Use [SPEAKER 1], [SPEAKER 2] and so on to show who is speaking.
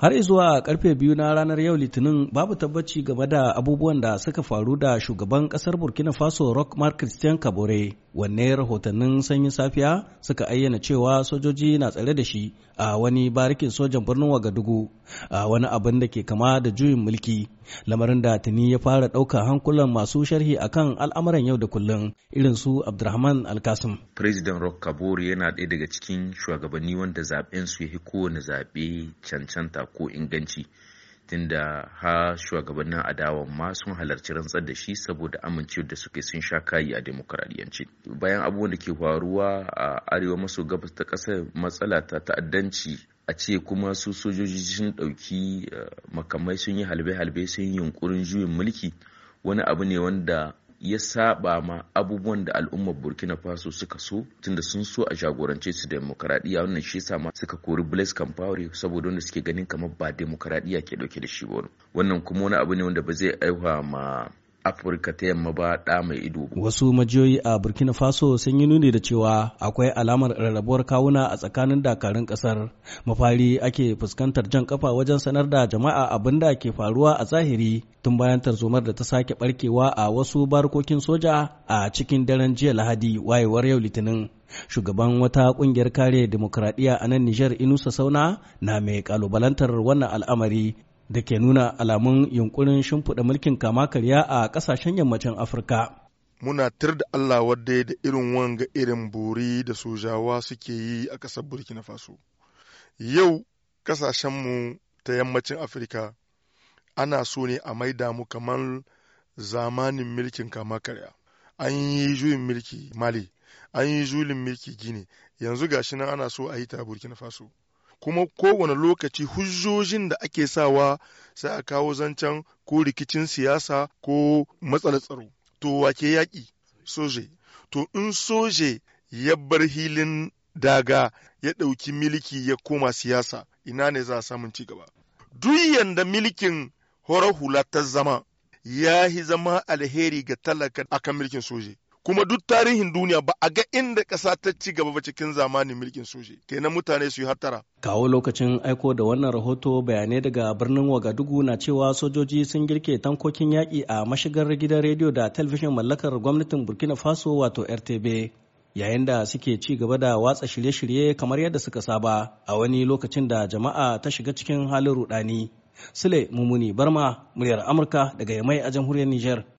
[SPEAKER 1] har zuwa karfe biyu na ranar yau litinin babu tabbaci game da abubuwan da suka faru da shugaban kasar burkina faso rock mark christian kabore wanne rahotannin sanyin safiya suka ayyana cewa sojoji na tsare da shi a wani barikin sojan birnin wagadugu a wani abin da ke kama da juyin mulki lamarin da tuni ya fara ɗaukar hankulan masu sharhi akan al'amuran yau da kullum irin su abdurrahman alkasim
[SPEAKER 2] president rock kabore yana ɗaya daga cikin shugabanni wanda zaben su ya kowane zaɓe cancanta ko inganci tunda ha shugabannin adawan ma sun halarci rantsar da shi saboda amincewa da suke sun sha kayi a demokradiyanci bayan abubuwan da ke faruwa a arewa maso gabas ta ƙasar matsala ta ta'addanci a ce kuma su sojoji sun ɗauki eh, makamai sun yi halbe-halbe sun yi yunkurin juyin mulki wani abu ne wanda ya saba ma abubuwan da al'ummar burkina faso suka so tunda sun so a jagorance su demokaradiyya wannan shi sa ma suka kori blaise compaore saboda wanda suke ganin kamar ba demokaradiyya ke dauke da shi ba wannan kuma wani abu ne wanda ba zai aiwa ma afirka ta yamma ba ɗa mai ido
[SPEAKER 1] wasu majiyoyi a burkina faso sun yi nuni da cewa akwai alamar rarrabuwar kawuna a tsakanin dakarun ƙasar mafari ake fuskantar jan kafa wajen sanar da jama'a abin da ke faruwa a zahiri tun bayan tarzomar da ta sake barkewa a wasu barkokin soja a cikin daren jiya lahadi wayewar yau litinin shugaban wata kungiyar kare demokradiyya a nan Nijar Inusa Sauna na mai kalubalantar wannan al'amari da ke nuna alamun yunkurin shimfiɗa mulkin kama karya a ƙasashen yammacin Afirka.
[SPEAKER 3] Muna tir da Allah wadda da irin wanga irin buri da sojawa suke yi a ƙasar Burkina Faso. Yau ƙasashenmu ta yammacin Afirka ana so ne a maida mu kamar zamanin mulkin kama karya. An yi juyin mulki Mali, an yi julin mulki Gini, yanzu gashi nan ana so a yi ta Burkina Faso. kuma kowane lokaci hujjojin da ake sawa sai a kawo zancen ko rikicin siyasa ko matsalar tsaro to wake yaƙi soje to in soje ya bar hilin daga ya ɗauki miliki ya koma siyasa ina ne za a samun ci gaba duk yanda milikin horar hula ta zama ya yi zama alheri ga talaka akan milikin soje kuma duk tarihin duniya ba a ga inda ƙasa ta ci gaba ba cikin zamanin mulkin soji kenan mutane su yi hattara
[SPEAKER 1] kawo lokacin aiko da wannan rahoto bayanai daga birnin wagadugu na cewa sojoji sun girke tankokin yaƙi a mashigar gidan rediyo da talbishin mallakar gwamnatin burkina faso wato rtb yayin da suke ci gaba da watsa shirye-shirye kamar yadda suka saba a wani lokacin da jama'a ta shiga cikin halin rudani sule mumuni barma muryar amurka daga yamai a jamhuriyar niger